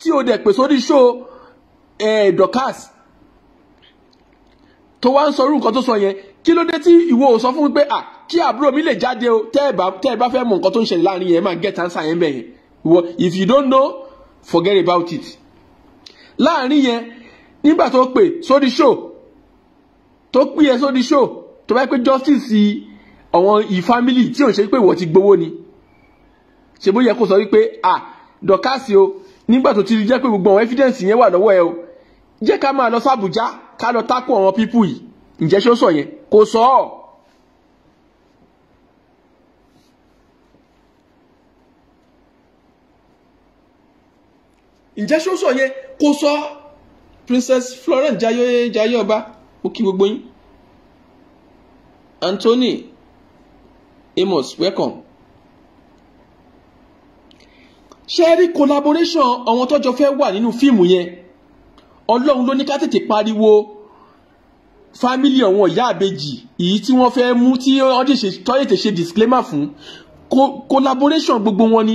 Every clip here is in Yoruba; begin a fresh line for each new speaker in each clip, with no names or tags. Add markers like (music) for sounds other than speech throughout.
tí o dẹ̀ pè sórí ṣó Dorkas tó wá ń sọ irú nǹkan tó sọ yẹn kí ló dé tí ìwọ ò sọ fún mi pé à kí àbúrò mi lè jáde o tẹ́ ẹ bá fẹ́ mọ nǹkan tó ń ṣẹlẹ̀ láàrin yẹn máa get answer yẹn bẹ́ẹ̀ yẹn ìwọ if you don't know forget about it láàrin yẹn nígbà tó pè sórí ṣó tó pè ẹ sórí ṣó tó bá pé justice àwọn ìfamily tí òun ṣe pé ìwọ ti gbowó ni ṣe bó yẹ kó sọ wípé à Dorkas o nígbà tó ti jẹ́ pé gbogbo àwọn evidence yẹn wà lọ́wọ́ ẹ o jẹ́ ká máa lọ sàbújá ká lọ tákù àwọn pípù yìí ǹjẹ́ ṣó sọ yẹn kò sọ ọ́. ǹjẹ́ ṣó sọ yẹn kò sọ Princess Florence Jayé Jayé Ọba mo kí gbogbo yín Anthony Amos welcome ṣe rí collaboration àwọn tọ́jọ́ fẹ́ wà nínú fíìmù yẹn ọlọ́run ló ní ká tètè pariwo fámílì àwọn ìyá àbejì èyí tí wọ́n fẹ́ mú tí tọ́yẹ̀tẹ̀ ṣe disclaimer fún collaboration gbogbo wọn ni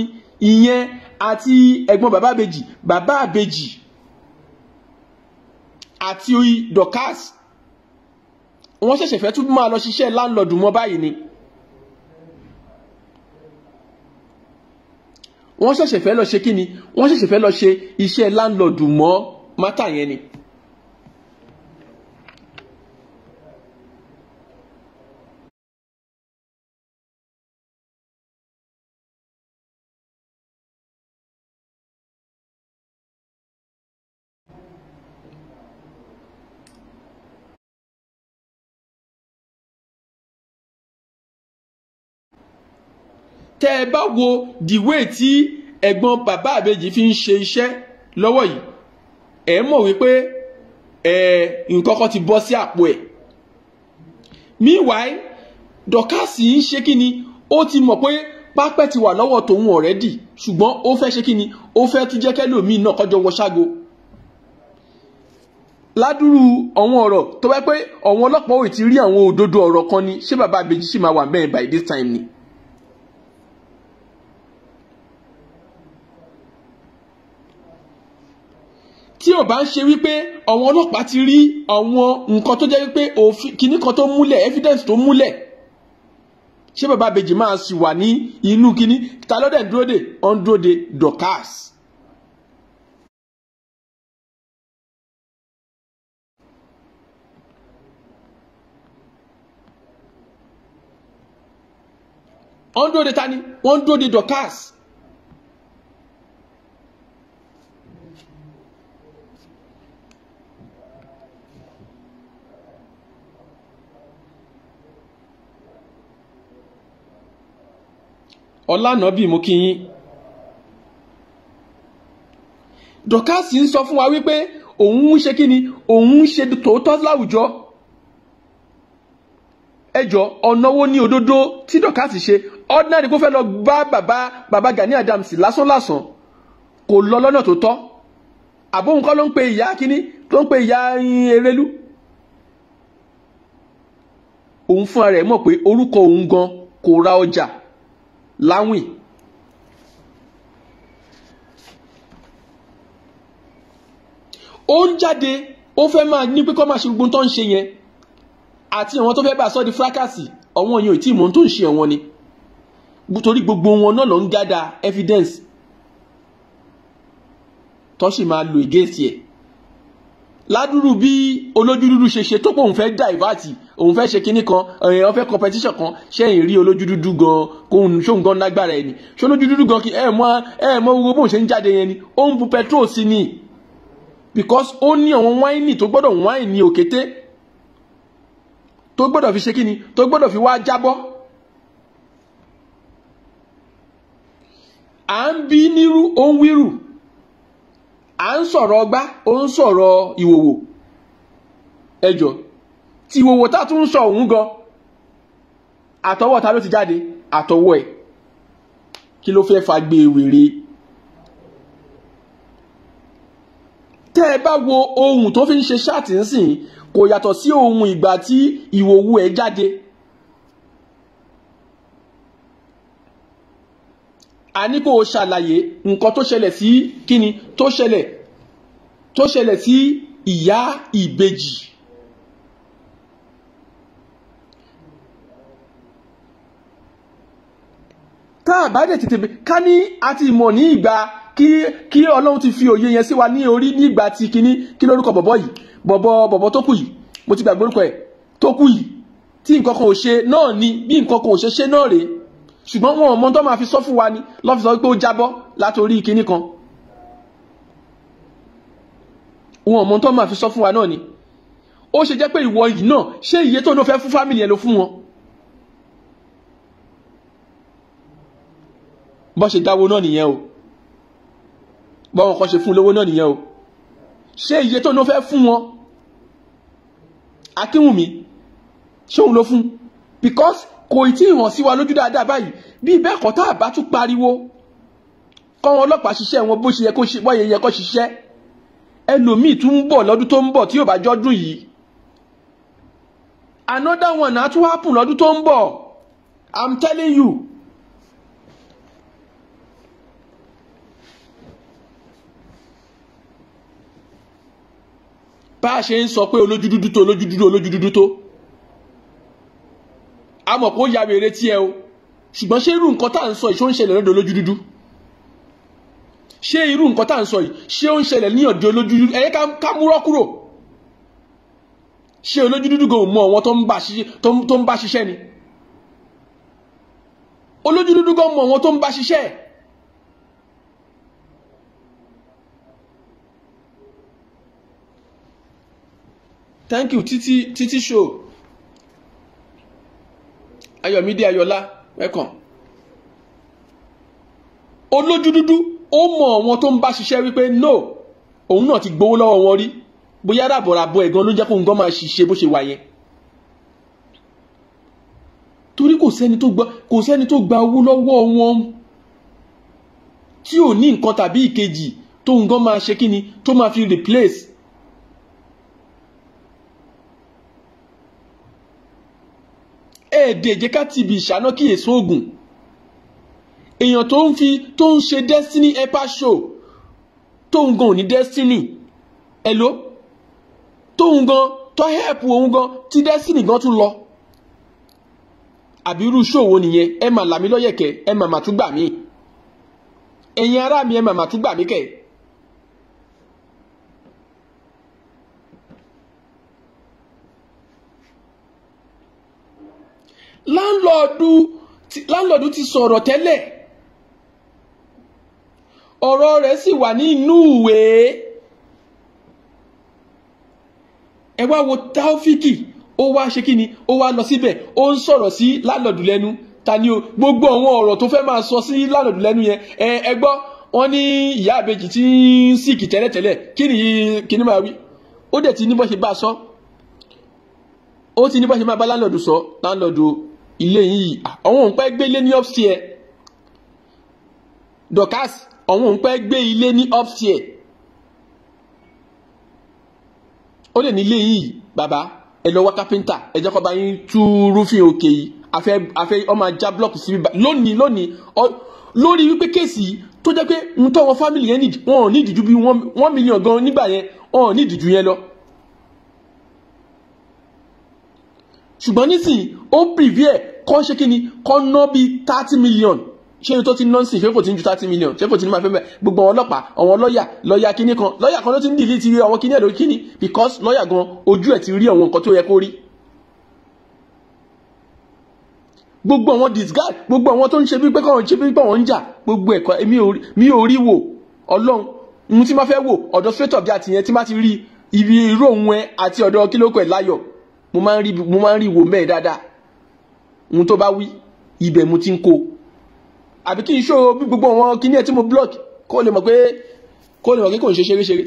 ìyẹn àti ẹ̀gbọ́n bàbá àbejì bàbá àbejì àti oyi dorcas wọ́n ṣẹ̀ṣẹ̀ fẹ́ tún máa lọ ṣiṣẹ́ láńlọ́ọ̀dù mọ́ báyìí ni. wọ́n ṣẹ̀ṣẹ̀ fẹ́ lọ ṣe kí ni wọ́n ṣẹ̀ṣẹ̀ fẹ́ lọ ṣe iṣẹ́ láńlọ́ọ̀dù mọ́ mátà yẹn ni tẹ́ ẹ bá wo dìwé tí ẹ̀gbọ́n bàbá àbèjì fi ń ṣe iṣẹ́ lọ́wọ́ yìí ẹ̀ mọ̀ wípé ẹ̀ nǹkan ti bọ́ sí àpò ẹ̀ meanwhile dọ̀kásì ń ṣe kí ni ó ti mọ̀ pé pápẹ́ ti wà lọ́wọ́ tòun ọ̀rẹ́dì ṣùgbọ́n ó fẹ́ ṣe kí ni ó fẹ́ tún jẹ́ kẹ́lòmíì náà kọjọ wọ ṣágo ládùrú àwọn ọ̀rọ̀ tó bá pẹ́ àwọn ọlọ́pàá ò ti rí àwọn òdodo ọ̀rọ̀ kan ni ṣé bàbá àbèjì sì máa wà bẹ́ẹ̀ by this time ni. tí ò bá ń ṣe wípé àwọn ọlọ́pàá ti rí àwọn nǹkan tó jẹ́ wípé òfin kìíní kan tó múlẹ̀ evidence tó múlẹ̀ ṣé bàbá àbèjì máa sì wà ní inú kìíní ta lọ́dẹ̀ dúró de ọ́n dúró dè Dorkas. ọ́n dúró dè ta ni wọ́n dúró dè Dorkas. ọlànàbì mo kí yín dọ̀kásì ń sọ fún wa wípé òun ń ṣe kí ni òun ń ṣe tòótọ́ láwùjọ ẹjọ́ ọ̀nà wo ni òdodo tí dọ̀kásì ṣe ordinary kó fẹ́ lọ bá bàbá bàbá Gani Adams lásánlásán kò lọ lọ́nà tó tọ́ àbóhùn kọ́ ló ń pe ìyá kínní tó ń pe ìyá erelu òun fúnra rẹ̀ mọ̀ pé orúkọ òun gan kò ra ọjà láwìn. ó ń jáde ó fẹ́ máa ní pé kọ́ máa ṣe gbogbo tó ń ṣe yẹn àti àwọn tó fẹ́ bá a sọ di fracasi ọ̀wọ́n yẹn ò tí ì mọ̀ tó ń ṣe ọ̀wọ́n ni torí gbogbo wọn náà ló ń gádà evidence tó sì máa lo against yẹn ládùúrú bí olójú dúdú ṣe ṣe tó pé òun fẹ́ dàìbàtì òun fẹ́ ṣe kinní kan èèyàn fẹ́ competition kan ṣẹ́yìn rí olójú dúdú gan kóun ṣóun gan lágbára ẹni ṣolójú dúdú gan kí ẹ mọ ẹ mọ gbogbo bóun ṣe ń jáde yẹn ni ó ń bu petrol sí ni because ó ní àwọn wáìnì tó gbọ́dọ̀ wáìnì òkété tó gbọ́dọ̀ fi ṣe kinní tó gbọ́dọ̀ fi wá jábọ́. à ń bí nírú ó ń wírù à ń sọ̀rọ̀ ọgbá ó ń sọ̀rọ̀ ìwòwò ẹjọ́ tí ìwòwò tá tún ń sọ òun gan àtọwọ́ ta ló ti jáde àtọwọ́ ẹ̀ kí ló fẹ́ fagbe wèrè tẹ́ ẹ bá wo ohun tó fi ń ṣe ṣáàtì ńsìn kò yàtọ̀ sí ohun ìgbà tí ìwòwò ẹ̀ jáde a ní kó o ṣàlàyé nǹkan tó ṣẹlẹ̀ sí kíni tó ṣẹlẹ̀ tó ṣẹlẹ̀ sí ìyá ìbejì tá a bá dẹ̀ tètè ká ní a ti mọ̀ ní ìgbà kí kí ọlọ́run ti fi òye yẹn sí wa ní orí ní ìgbà tí kíní kí lórúkọ bọ̀bọ̀ yìí bọ̀bọ̀ bọ̀bọ̀ tó kù yìí mo ti gbàgbé orúkọ ẹ̀ tó kù yìí tí nǹkan kan ò ṣe náà ni bí nǹkan kan ò ṣe ṣe náà rèé ṣùgbọ́n wọn ò mọ tó máa fi sọ fún wa ni lọ́fi sọ pé ó jábọ́ látòrí kinní kan wọn ò mọ tó máa fi sọ fún wa náà ni ó ṣe jẹ́ pé ìwọ yìí náà ṣé iye tó ló fẹ́ fún fámìlì ẹ̀ ló fún wọn. bọ́n ṣe dáwó náà nìyẹn o bọ́n kan ṣe fún lówó náà nìyẹn o ṣé iye tó ló fẹ́ fún wọn Akínwùmí ṣé òun ló fún because kò tí ì hàn sí wa lójú dáadáa báyìí bí bẹ́ẹ̀ kọ́ tá a bá tún pariwo kọ́wọn ọlọ́pàá ṣiṣẹ́ wọn bó ṣe yẹ kó ṣe wọ́n yẹ kó ṣiṣẹ́ ẹlòmíì tún ń bọ̀ lọ́dún tó ń bọ̀ tí yóò bá jọ́dún yìí another one á tún happen lọ́dún tó ń bọ̀ i'm telling you. bá a ṣe ń sọ pé olójú dúdú tó olójú dúdú olójú dúdú tó a mọ̀ pé ó ya wèrè tiẹ̀ o ṣùgbọ́n ṣé irú nǹkan tá à ń sọ yìí ṣé ó ń ṣẹlẹ̀ lọ́dọ̀ lójú dúdú ṣé irú nǹkan tá à ń sọ yìí ṣé ó ń ṣẹlẹ̀ ní ọ̀dọ̀ lójú dúdú ẹ̀yẹ́ ká múrọ́ kúrò ṣé olójú dúdú gan mọ àwọn tó ń bá ṣiṣẹ́ ni olójú dúdú gan mọ àwọn tó ń bá ṣiṣẹ́ ẹ̀. thank you títí títí show ayọ̀mídé ayọ̀lá welcome olójú dúdú ó mọ àwọn tó ń bá ṣiṣẹ́ wípé no òun náà ti gbowó lọ́wọ́ wọn rí bóyá ràbọ̀ràbọ̀ ẹ̀gan ló jẹ́ kó nǹkan máa ṣiṣẹ́ bó ṣe wà yẹn torí kò sẹ́ni tó gba kò sẹ́ni tó gba owó lọ́wọ́ wọn tí ò ní nǹkan tàbí ìkejì tó nǹkan máa ṣe kí ni tó máa fi replace ẹ̀ẹ́dẹ̀ jẹ́ ká ti ibi ìṣáná kí èso oògùn èèyàn tó ń fi tó ń ṣe destiny epa show tóun gan ò ní destiny hello tóun gan tó help òun gan tí destiny gan tún lọ àbí irú ṣòwò nìyẹn ẹ mà làmí lọ́yẹ̀kẹ́ ẹ mà mà tún gbà mí ẹ̀yin ará mi ẹ mà mà tún gbà mí kẹ́ ẹ̀. láńlọ́ọ̀dù ti sọ̀rọ̀ tẹ́lẹ̀ ọ̀rọ̀ rẹ̀ sì wà ní inú ìwé ẹ wá wo Taofiki ó wá ṣe kí ni ó wá lọ síbẹ̀ ó ń sọ̀rọ̀ sí láńlọ́ọ̀dù lẹ́nu ta ni o gbogbo àwọn ọ̀rọ̀ tó fẹ́ máa sọ sí láńlọ́ọ̀dù lẹ́nu yẹn ẹ ẹ gbọ́ wọ́n ní ìyá àbejì tí ń sìkì tẹ́lẹ̀tẹ́lẹ̀ kí ni kí ni máa wí ó dẹ̀ ti ní bó ṣe bá a sọ ó ti ní bó ṣe máa bá láńlọ́ọ̀dù sọ láńlọ́ọ̀dù o ilé yìí àwọn òun pẹ́ gbé ilé ní upstair Dorcas àwọn òun pẹ́ gbé ilé ní upstair ó lè ní ilé yìí bàbá ẹ lọ wá kápẹ́ńtà ẹ jẹ́ kó bá yín tú rúfin òkè yìí afẹ́ afẹ́ ọmọ ajá blọọkì síbi lónìí lónìí lórí wípé kéèsì tó jẹ́ pé ń tọ́ wọn fámìlì yẹn nídìí wọn ò ní ìdìjú bí wọ́n mílíọ̀n gan nígbà yẹn wọn ò ní ìdìjú yẹn lọ. ṣùgbọ́n nísìnyí ó pìrìbí ẹ̀ kọ́ ṣe kí ni kọ́ ná bí thirty million ṣé ní tó ti ná sí ṣé kò ń ju thirty million ṣé kò ti ní máa fẹ́ bẹ́ẹ̀ gbogbo àwọn ọlọ́pàá àwọn lọ́ọ̀yà lọ́ọ̀yà kínní kan lọ́ọ̀yà kan ló ti ń dìlí ti rí àwọn kínní ẹ̀ lórí kínní because lọ́ọ̀yà gan ojú ẹ̀ ti rí àwọn nǹkan tó yẹ kó rí. gbogbo àwọn disguise gbogbo àwọn tó ń ṣe pípẹ́ kọ́ọ̀rọ̀ ṣe pípẹ́ wọn ń jà gbogbo ẹ̀kọ́ mi ò rí wò ọlọ́run ohun tí máa fẹ́ wò ọ̀dọ̀ straight up bí àtìyẹn tí máa ti rí ibi irú òun ẹ àti ọ̀dọ̀ kílókò ẹ̀ láyọ̀ mo máa ń rí mo máa ń rí ìwo mẹ́ẹ̀ dáadáa ohun tó bá wí ibẹ̀ mo ti ń kó àbí kí n ṣó bí gbogbo àwọn kíní ẹ̀ tí mo block kó lè mọ̀ pé kó lè mọ̀ pé kò ń ṣe ṣeréṣeré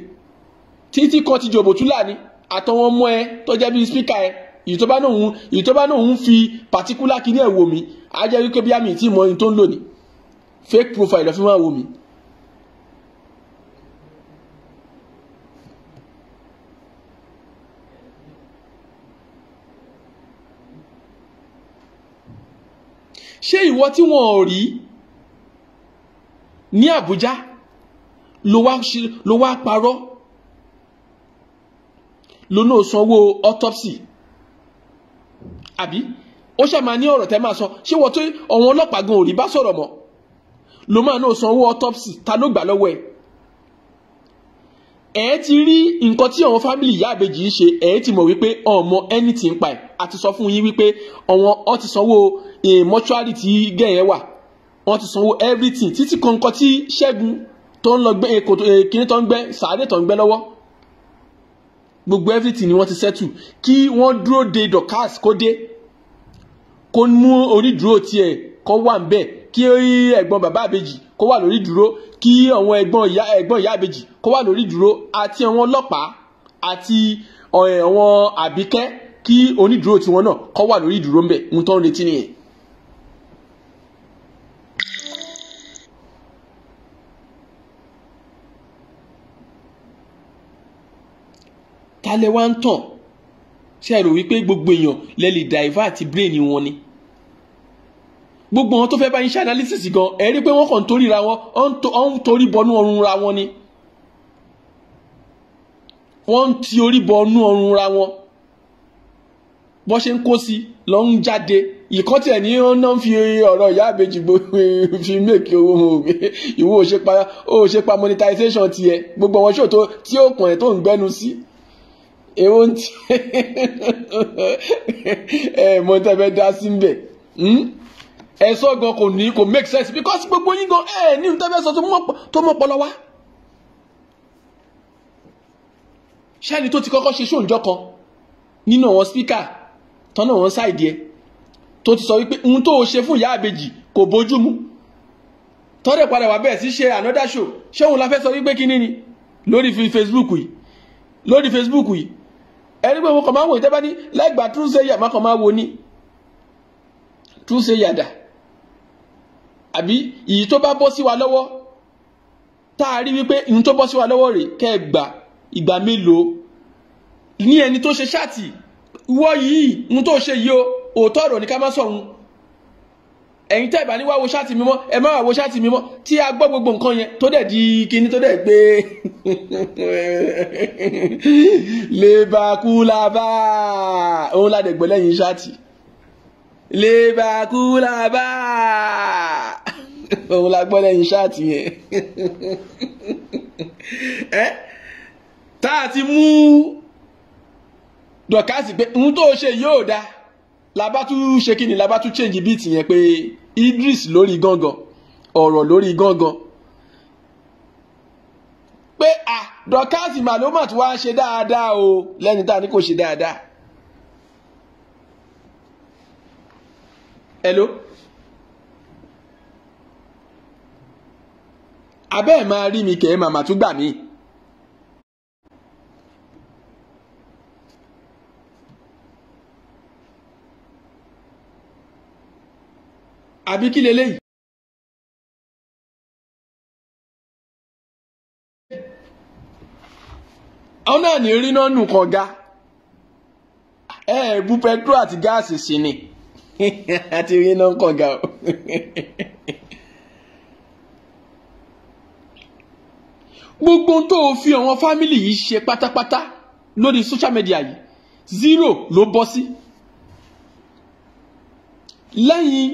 títí kan ti jòbó tú láàní àtọwọn ọmọ ẹ tó jẹ́ bí spíkà ẹ èyí tó bá náà ń èyí tó bá náà ń fi pàtíkúlà kíní ẹ̀ wò mí á wípé bí àmì ìtì mọ́ ohun tó ń lò ní fake profile lọ́ fi máa wò mí ṣé ìwọ tí wọn ò rí ní Àbújá ló wá parọ́ ló náà sanwó autopsy àbí ó ṣàmà ní ọ̀rọ̀ tẹ́ máa sọ ṣé wọ́n tó ọ̀wọ́n ọlọ́pàá gan ò rí bá sọ̀rọ̀ mọ́ ló máa náà sanwó autopsy ta ló gbà lọ́wọ́ ẹ̀ ẹ ti rí nǹkan tí àwọn fámìlì ìyá àbèjì ń ṣe ẹ ti mọ̀ wípé ọmọ ẹni tí ń pa ẹ̀ àti sọ fún yín wípé ọ̀wọ́n ọ ti sanwó mọ́ṣúárì tí gẹ̀yẹ́ wà wọ́n ti sanwó everything títí kan nǹkan tí ṣẹ́gun tó ń lọ gbẹ́ kíní tó ń gbẹ́ sàárè tó ń gbẹ́ lọ́wọ́ gbogbo everything ni wọ́n ti settle kí wọ́n dúró de Dorcas kó dé kó mú orí dúró tiẹ̀ kó wà ń bẹ̀ kí ẹ̀gbọ́n bàbá àbèjì kó wà lórí ìdúró kí àwọn ẹ̀gbọ́n ìyá ẹ̀gbọ́n ìyá àbèjì kó wà lórí ìdúró àti àwọn ọlọ́pàá àti àwọn àbíkẹ́ kí onídùúró tiwọn náà kó wà lórí ìdúró ńbẹ̀ ń tọ́ ń retí nìyẹn. ta lẹ wá ń tàn ṣe é wípé gbogbo èèyàn lẹ lè divert brain wọn ni gbogbo wọn tó fẹ́ bá yín ṣe analysis gan ẹ rí pé wọ́n kàn torí ra wọn ọ ń torí bọnú ọrùn ra wọn ni wọ́n ń ti orí bọnú ọrùn ra wọn bọ́ ṣe ń kó sí lọ ń jáde ìkọ́tẹ̀ ní ó náà fi ọ̀rọ̀ ìyá àbèjì (laughs) fi mèkì owó òwe ìwọ ò ṣe pa ó ṣe pa monetization tiẹ̀ gbogbo àwọn ṣòtó tí ó kàn ẹ́ tó ń gbẹ́nu sí èwo ń tí (laughs) ẹ̀ mọ́tẹ́fẹ́ dá sí ń bẹ̀. Hmm? ẹ̀sọ́ gan kò ní kò make sense because gbogbo yín gan ẹ̀ ní ìtẹ́fẹ́ sọ tó mọ́ pọlọ wá. ṣẹ́ni tó ti kọ́kọ́ ṣe ṣóǹjọ́ kan nínú àwọn spíkà tọ́nà wọn ṣáìdì ẹ̀ tó ti sọ wípé ohun tó o ṣe fún ìyá àbèjì kò bójú mu tọ́dẹ̀ padà wá bẹ́ẹ̀ sí ṣe another show ṣé òun la fẹ́ sọ wípé kínní ni lórí Facebook yìí lórí Facebook yìí ẹni pé mo kàn máa wò ìtẹ́bá ní lẹ́gbàá túnṣe yà má kàn máa wò ní túnṣe yàdà àbí èyí tó bá bọ́ sí wa lọ́wọ́ tá a rí wípé ìyún tó bọ́ sí wa lọ́wọ́ rè kẹ́ ẹ gbà ìgbà mélòó ní ẹni tó ṣe ṣáàtì wọ́ yìí ohun tó ṣe yìí o òótọ́ ọ̀rọ̀ ní ká má sọ̀run ẹ̀yin tẹ́ ẹ̀ bá ní wá wo ṣáàtì mímọ́ ẹ má wá wo ṣáàtì mímọ́ tí a gbọ́ gbogbo nǹkan yẹn tó dẹ̀ di kíní tó dẹ̀ gbé lébàkúlábà (laughs) òun ládẹ̀gbẹ́ lẹ́yìn ṣáàtì. Le ba. lébàkúlàbà òun la gbọ́ lẹ́yìn ṣáàtì yẹn ẹ tá a ti mú dọ̀kásì pé ohun tó ṣe yóò dáa labatu ṣe kí ni labatu change beat yẹn pé Idris lórí gángan ọ̀rọ̀ lórí gángan pé ah dọ̀kásì màlúmọ̀ tí wàá ṣe dáadáa o lẹ́ni tá a ní kò ṣe dáadáa. hello abẹ́ ẹ̀ máa rí mi kẹ́ ẹ̀ màmá tún gbà mí. àbí kí leléyìí. àwọn náà ní rí náà nù kàn ga ẹ ẹ àti gáàsì sí ni. (laughs) àti rí iná ń kànga o. gbogbo tó o fi àwọn fámìlì yìí ṣe pátápátá lórí social media yìí zero ló bọ́ sí. lẹ́yìn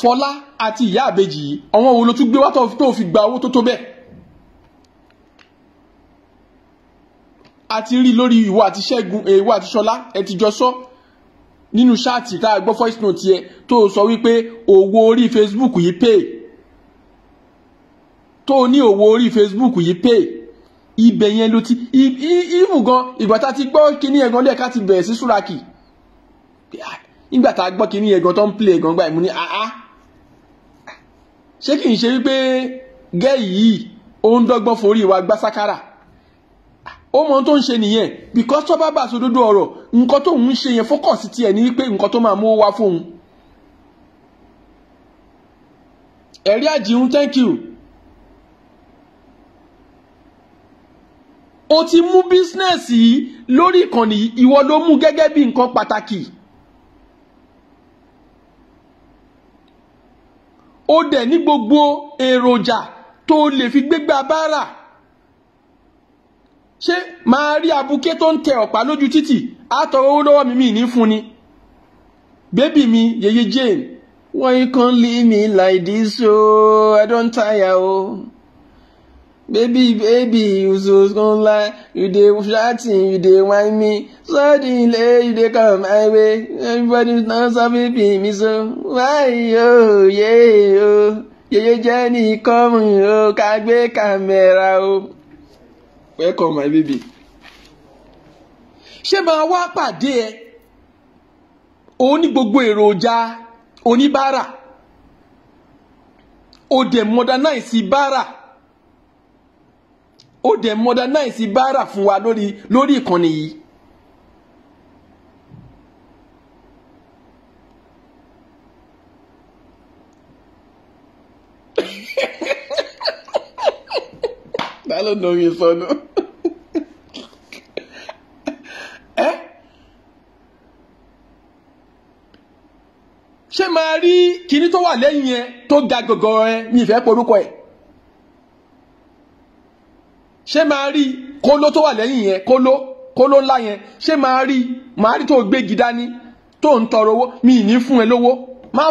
fọlá àti ìyá àbejì yìí àwọn wo ló tún gbé wá tó o fi gba owó tó tó bẹ́ẹ̀. a ti rí lórí ìwọ àti ṣẹ́gun ìwọ àti ṣọlá ẹ ti jọ sọ nínú ṣáàtì tá a gbọ́ voice note yẹ tó o sọ wípé owó orí Facebook yìí pè tó o ní owó orí Facebook yìí pè ibẹ̀ yẹn ló ti ìmù gan ìgbà tá a ti gbọ́ kíní yẹn gan lẹ́ẹ̀ká ti bẹ̀rẹ̀ sí súraki ìgbà tá a gbọ́ kíní yẹn gan tó ń pilẹ̀ gan gba ìmú àá ṣé kì í ṣe wípé gẹ́ẹ̀ yìí ó ń dọ́gbọ́n forí wa gbá sákàrà ó mọ tó ń ṣe nìyẹn because tó bá bá sódodo ọ̀rọ̀ nǹkan tó ń ṣe yẹn fókọ̀sì tiẹ̀ ní pé nǹkan tó máa mú wá fóun. ẹ̀rí àjìun thank you. o ti mú bísínẹ́sì yìí lórí ìkànnì ìwọ ló mú gẹ́gẹ́ bí nǹkan pàtàkì. o dẹ̀ ní gbogbo èròjà tó lè fi gbégbá bá rà ṣé máa rí abuké tó ń tẹ ọ̀pá lójú títì àtọ̀rọ̀ owó lọ́wọ́ mi mi ní fún ni bébì mi yeye Jane wọ́n yín kan leave me like this o oh? I don't tire o oh. baby baby you so come lie you dey shouting you dey whine me suddenly you dey come my way everybody don sabi me so why o oh, yeye o yeye Jane come o ká gbé kámẹ́rà o. welcome my baby ṣé wa wá pàdé ẹ òun ní gbogbo èròjà oníbàárà ó dẹ̀ modernize bàárà ó dẹ̀ modernize bàárà fún wa lórí lórí ìkànnì yìí. (laughs) daalụ na onye ụfọdụ ṣé máa rí kinní tó wà lẹ́yìn ẹ tó ga gọ̀gọ̀ ẹ ní ìfẹ́ porúkọ ẹ ṣé máa rí kóló tó wà lẹ́yìn yẹn kóló kóló ńlá yẹn ṣé rí máa rí tó gbégi ni tó ntọrọ owó mi ì ní fún ẹ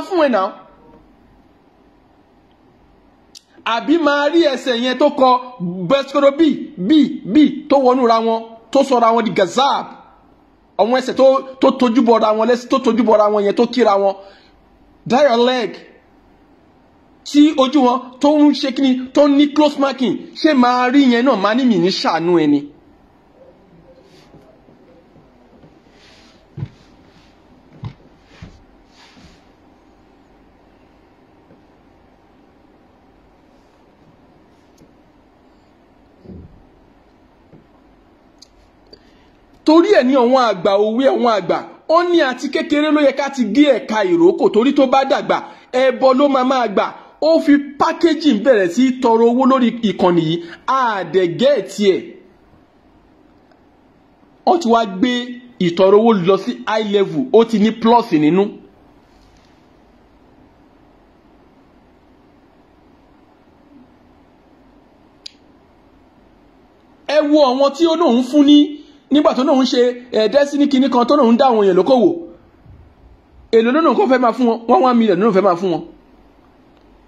fún ẹ àbí máa rí ẹsẹ̀ yẹn tó kọ gbẹ́sọ́rọ́ bíi bíi bíi tó wọnú ra wọn tó sọra wọn di gazab àwọn ẹsẹ̀ tó tójú bọ̀ra wọn lẹ́sẹ̀ tó tójú bọ̀ra wọn yẹn tó kíra wọn leg. tí ojú wọn tó ń ṣe kíni tó ní close marking ṣé máa rí yẹn náà máa ní mì ṣàánú ẹni. torí ẹ̀ ní àwọn àgbà òwe àwọn àgbà ó ní àti kékeré ló yẹ ká ti gé ẹ̀ka ìrókò torí tó bá dàgbà ẹbọ ló máa máa gbà ó fi pákéjì bẹ̀rẹ̀ sí tọrọ owó lórí ìkànnì yìí àdẹ̀gẹ́ tiẹ̀ ó ti wá gbé ìtọrọ owó lọ sí high level ó ti ní plus nínú. ẹ wo àwọn tí ó lóun fún ní nígbà tó náà ń ṣe eh, destiny kinní kan tó náà ń dá àwọn èèyàn lókòwò èlò lónà kó fẹ́ máa fún wọn one one million lónà fẹ́ máa fún wọn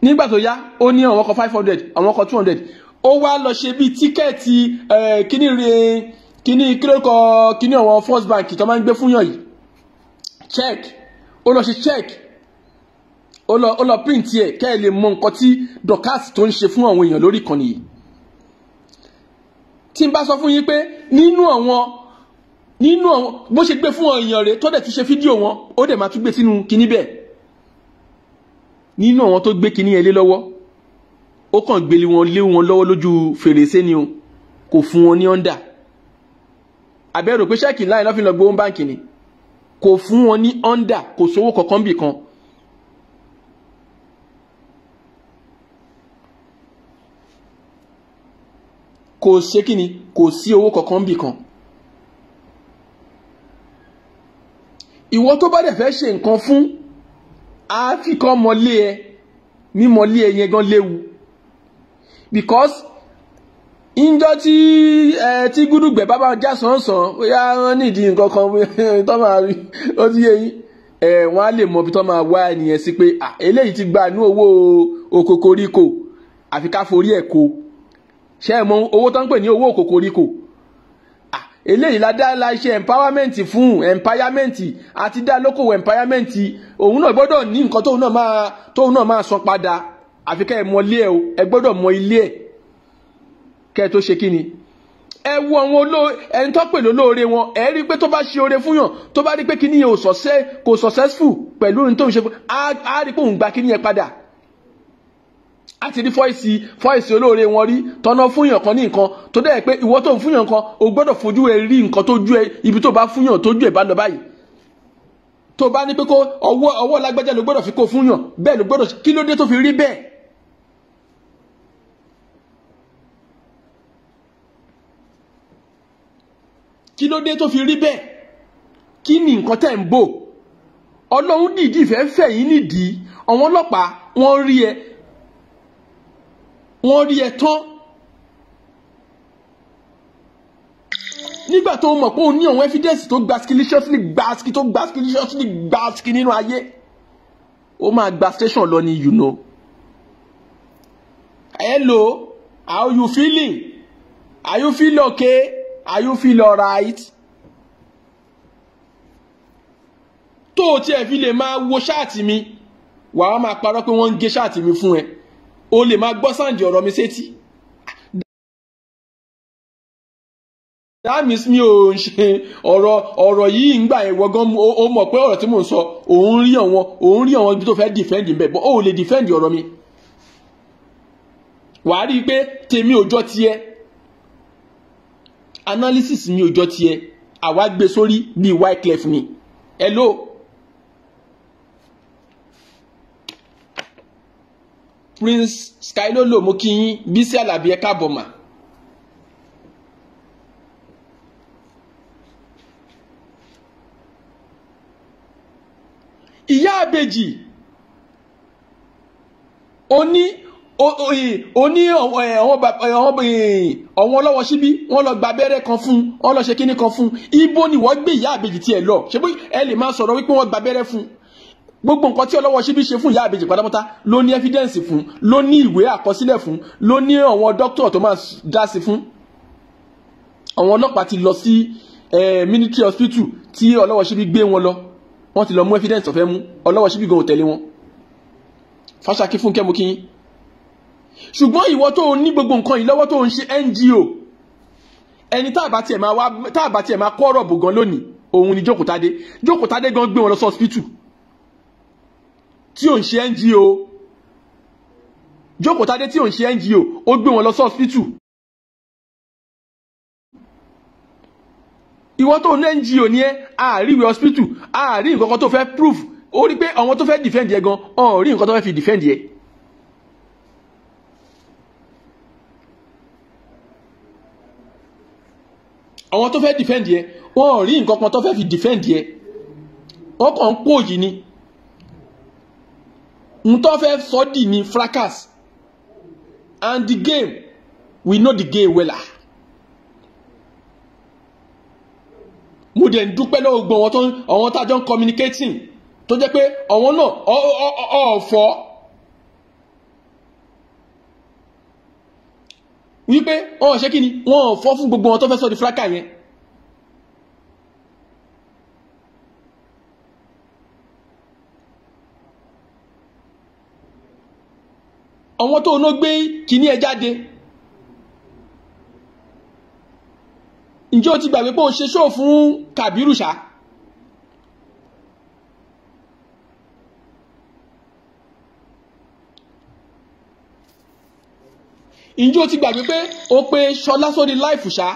nígbà tó yá ó ní àwọn kan five hundred àwọn kan two hundred ó wá lọ ṣe bíi tíkẹ́ẹ̀tì eh, kíní kíní kílókọ kíní àwọn first bank tó máa ń gbé fún yàn yìí check ó lọ ṣe check ó lọ ó lọ print yẹ kẹ́ ẹ lè mọ nǹkan tí dọ̀kásì tó ń ṣe fún àwọn èèyàn lórí ìkànnì yìí tí n bá sọ fún yín pé nínú àwọn nínú àwọn bó ṣe gbé fún àwọn èèyàn rẹ̀ tó dẹ̀ tún ṣe fídíò wọn ó dẹ̀ máa tún gbé sínú kinní bẹ́ẹ̀ nínú àwọn tó gbé kinní yẹn lọ́wọ́ ó kàn gbélé wọn lé wọn lọ́wọ́ lójú fèrèsé ni o kò fún wọn ní ọ́ndà àbẹ̀rò pé ṣẹ́ẹ̀kì láì lọ́fìn lọ gbowó báǹkì ni kò fún wọn ní ọ́ndà kò sówó kankan bì kan kò ṣe kí ni kò sí owó kankan bì kan ìwọ tó bá dẹ̀ fẹ́ ṣe nǹkan fún àfikọ́ mọ́lé ẹ mímọ́lé ẹ yẹn gan léwu because ìjọ tí ẹ tí gúdùgbẹ bá bá já sànsàn bóyá wọn nídìí nǹkan kan (laughs) tó máa rí ó ti yé yín ẹ wọn á lè mọ ibi tó máa wá ẹnìyẹn sí pé eléyìí ti gba inú owó okokoríko àfi ká forí ẹ̀ kó ṣe é mọ owó tó ń pè ní owó òkòkòríkò eléyìí la dá la iṣẹ́ empowerment fún empowerment àti dá lókòwò empowerment òun náà gbọ́dọ̀ ní nǹkan tóun náà máa tóun náà máa san padà àfi kẹ́ ẹ mọ ilé ẹ o ẹ gbọ́dọ̀ mọ ilé ẹ kẹ́ ẹ tó ṣe kíni ẹ wo àwọn olóò ẹni tó pè lólóore wọn ẹ rí i pé tó bá ṣe oore fún yàn tó bá rí i pé kíní yẹn ò sọ̀sẹ́ kò successful pẹ̀lú ohun tó ń ṣe fún á rí i pé òun gba kíní yẹn padà a ti rí fọ́ìsì fọ́ìsì olóore wọn rí tọ́nà fúnyàn kan ní nǹkan tó dẹ́ pé ìwọ tó ń fúnyàn kan o gbọ́dọ̀ fojú ẹ rí nǹkan tó ju ẹ ibi tó bá fúnyàn tó ju ẹ bá lọ báyìí tó bá ní pé kó ọwọ́ ọwọ́ lágbájá ló gbọ́dọ̀ fi kó fúnyàn bẹ́ẹ̀ ló gbọ́dọ̀ kí ló dé tó fi rí bẹ́ẹ̀. kí ló dé tó fi rí bẹ́ẹ̀ kí ni nǹkan tẹ̀ ń bò ọlọ́run dìdí ìfẹ́ fẹ̀ nídìí àwọn ọlọ́pàá wọ́n rí ẹ wọ́n rí ẹ tán nígbà tó mọ̀ pé òun ní àwọn evidence tó gba skilliciously gba ski tó gba skilliciously gba ski nínú ayé ó máa gba station lọ ní you know hello how you feeling are you feel okay are you feel alright tó o tiẹ̀ fi lè máa wo ṣáàtì mi wàá máa parọ́ pé wọ́n ń gé ṣáàtì mi fún ẹ o lè máa gbọ́ sáǹdì ọ̀rọ̀ mi sétí. that means mi ò ń ṣe ọ̀rọ̀ ọ̀rọ̀ yìí ń gbà ẹ̀wọ̀ gan o mọ̀ pé ọ̀rọ̀ tí mò ń sọ òun rí àwọn òun rí àwọn ibi tó fẹ́ defend mbẹ̀ but o ò lè defend ọ̀rọ̀ mi. wàá rí i pé tèmi ò jọ tiẹ̀ analysis mi ò jọ tiẹ̀ àwa gbé sórí bíi Wyclef ni hello. Prince Skylolo mo kí yín Bísí Àlàbí ẹ káàbọ̀ mà. ìyá àbèjì oní oní ọ̀wọ́n ọlọ́wọ́ síbí wọ́n lọ gba abẹ́rẹ́ kan fún wọ́n lọ ṣe kínní kan fún ibo ni wọ́n gbé ìyá àbèjì tiẹ̀ lọ ṣé ẹ lè máa sọ̀rọ̀ wípé wọ́n gba abẹ́rẹ́ fún un gbogbo nǹkan tí ọlọ́wọ́ ṣíbí ṣe fún ìyá àbèjì pátápátá ló ní ẹ́fídẹ́ǹsì fún ló ní ìwé àkọsílẹ̀ fún ló ní àwọn dókítà tó máa dá sí fún àwọn ọlọ́pàá ti lọ sí military hospital tí ọlọ́wọ́ ṣíbí gbé wọn lọ wọ́n ti lọ mú ẹ́fídẹ́ǹsì tó fẹ́ mú ọlọ́wọ́ ṣíbí gan ò tẹ̀lé wọn fàṣàkí fún kẹ́mukín ṣùgbọ́n ìwọ tó ní gbogbo nǹkan yìí lọ́wọ́ tó ń ṣe NGO ẹni tá àbá tiẹ̀ máa kọ́ ọ̀rọ̀ bò gan lónìí òun ni jókòtadé jókòtadé gan gbé wọn lọ sí hospital tí ò ń ṣe ngo jókòó tádé tí ò ń ṣe ngo ó gbé wọn lọ sí hospital ìwọ tó ní ngo ni ẹ àárí ìwé hospital àárí nǹkan kan tó fẹ́ proof ó rí pé àwọn tó fẹ́ defend yẹ gan ọ̀n rí nǹkan tó fẹ́ fi defend yẹ. àwọn tó fẹ́ defend yẹ wọ́n rí nǹkan kan tó fẹ́ fi defend yẹ wọ́n kàn ń pòyì ni ntọ́ fẹ́ sọ di ni fracas and the game we know the game wella mo dẹ̀ ń dúpẹ́ lọ́wọ́ gbọ́n wọn tó àwọn tájọ́ ń communicating tó jẹ́ pé àwọn náà ọ̀ọ̀fọ́ wípé wọn ò ṣe kí ni wọn ò fọ́ fún gbogbo wọn tó fẹ́ sọ di fracas yẹn. àwọn tó ná gbé kíní ẹ jáde ǹjẹ́ o ti gbàgbé pé o ṣe ṣó fún Kàbírù ṣá ǹjẹ́ o ti gbàgbé pé o pe Ṣọlá sórí láìfù ṣá.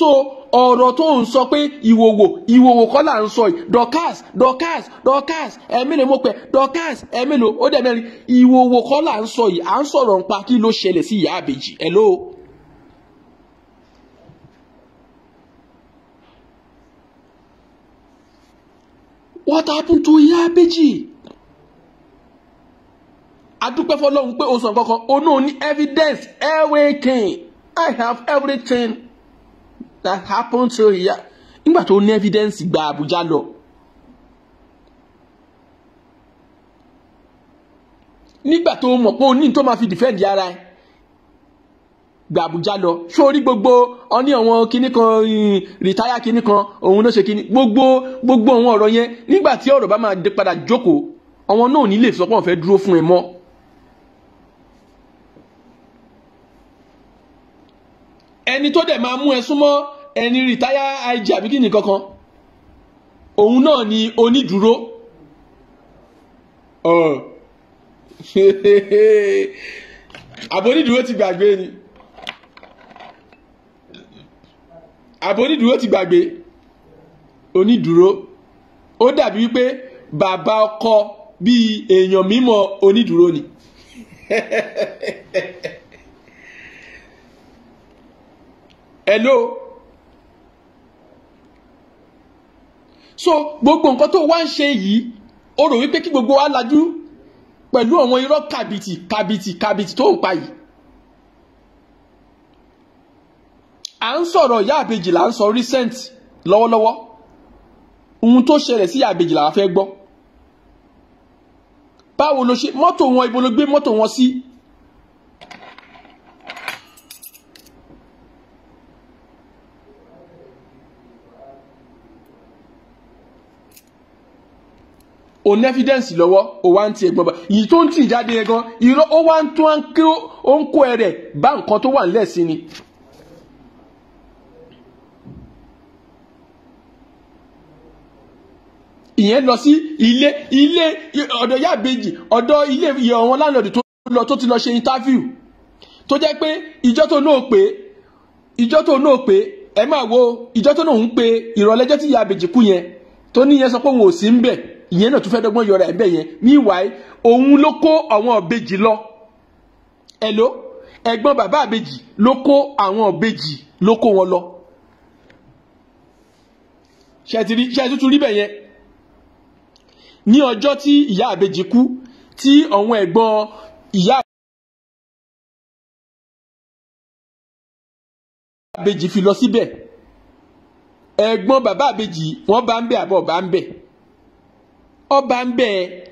so ọ̀rọ̀ tó ń sọ pé ìwòwò ìwòwò kọ́ là ń sọ yìí dorcas dorcas dorcas ẹ̀mílẹ̀ mo pẹ̀ dorcas ẹ̀mílẹ̀ ó dẹ̀ mẹ́rin ìwòwò kọ́ là ń sọ yìí à ń sọ̀rọ̀ nípa kí ló ṣẹlẹ̀ sí ìyá àbèjì hello. what happened to ìyá àbèjì adúpẹ́ fọlọ́run pé o sọ nǹkan kan o náà ní evidence everything i have everything that happened to ìyá nígbà tó ní evidence gba Àbújá lọ. nígbà tó mọ̀ pé o ní tó máa fi defend ara ẹ̀ gba Àbújá lọ sórí gbogbo ọní àwọn kinní kan rìtáyà kinní kan òun ló ṣe kinní gbogbo gbogbo àwọn ọ̀rọ̀ yẹn nígbà tí ọ̀rọ̀ bá máa padà jókòó àwọn náà ò ní lè sọ pé wọ́n fẹ́ dúró fún ẹ mọ́. ẹni tó dẹ̀ máa mú ẹ súnmọ́ ẹni rìtáyà IG àbí kí nìkan kan òun náà ni onídùúró (laughs) àbónídùúró ti gbàgbé ni àbónídùúró ti gbàgbé onídùúró ó dàbí wípé bàbá ọkọ bíi èèyàn mímọ́ onídùúró ni. (laughs) hello so gbogbo nǹkan tó wá ń ṣe yìí ó rò wípé kí gbogbo wa lajú pẹ̀lú àwọn irọ́ kàbìtì kàbìtì kàbìtì tó ń pa yìí à ń sọ̀rọ̀ ìyá àbèjì là ń sọ recent lọ́wọ́lọ́wọ́ ohun tó ṣẹlẹ̀ sí ìyá àbèjì là wá fẹ́ gbọ́ báwo ló ṣe mọ́tò wọn ibo ló gbé mọ́tò wọn sí. Si o ní evidence lọ́wọ́ o wá ń tiẹ̀ gbọ́n bá yìí tó ń tì jáde yẹn gan irọ́ ó wá ń tún á ń kí ó ń kó ẹrẹ̀ bá nǹkan tó wà nílẹ̀ sí ni. ìyẹn lọ sí ilé ilé ọ̀dọ̀ yàbẹ̀jì ọ̀dọ̀ ilé ìyẹ̀ ọ̀wọ́n láńlọ́ọ̀dù tó lọ tó ti lọ ṣe interview tó jẹ́ pé ìjọ́ tó náà pé ìjọ́ tó náà pé ẹ máa wo ìjọ́ tó náà ń pe ìrọ̀lẹ́jọ́ tí yàbẹ̀jì kú yẹn tó níyẹn sọ pé òun ò sí ń bẹ̀ ìyẹn náà tún fẹ́ dọ́gbọ́n yọra ẹ̀ bẹ́ẹ̀ yẹn meanwhile òun ló kó àwọn ọ̀bejì lọ ẹ̀ló ẹ̀gbọ́n bàbá àbejì ló kó àwọn ọ̀bejì ló kó wọn lọ ṣe tuntun rí bẹ́ẹ̀ yẹn ní ọjọ́ tí ìyá àbejì kú tí àwọn ẹ̀gbọ́n ìyá àbejì fi lọ síbẹ̀ ẹ̀gbọ́n bàbá àbejì wọ́n bá ń bẹ̀ àbọ̀ bá ń bẹ̀ ọba ń bẹ ẹ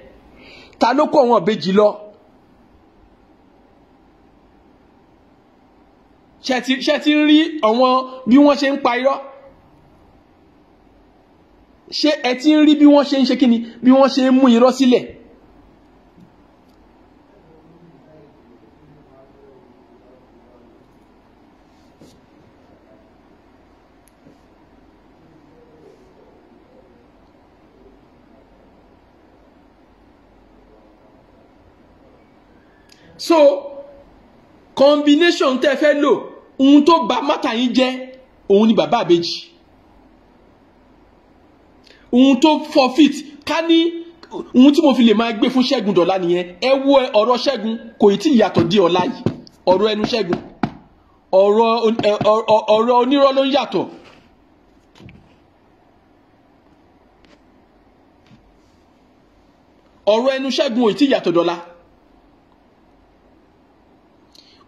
ta ló kó àwọn ìbejì lọ. ṣe ti ń rí àwọn bí wọ́n ṣe ń pa irọ́ ṣé ẹ ti ń rí bí wọ́n ṣe ń ṣe kí bí wọ́n ṣe ń mú irọ́ sílẹ̀. Si so combination tẹ́ fẹ́ lò ohun tó bà mátà yín jẹ́ òun ni bàbá àbèjì ohun tó forfeit ká ní ohun tí mo fi lè máa gbé fún ṣẹ́gun dọ̀la nìyẹn ẹ wo ọ̀rọ̀ ṣẹ́gun kò tí ì yàtọ̀ di ọ̀la yìí ọ̀rọ̀ ẹnu ṣẹ́gun ọ̀rọ̀ onírọ́ ló ń yàtọ̀ ọ̀rọ̀ ẹnu ṣẹ́gun ò tí ì yàtọ̀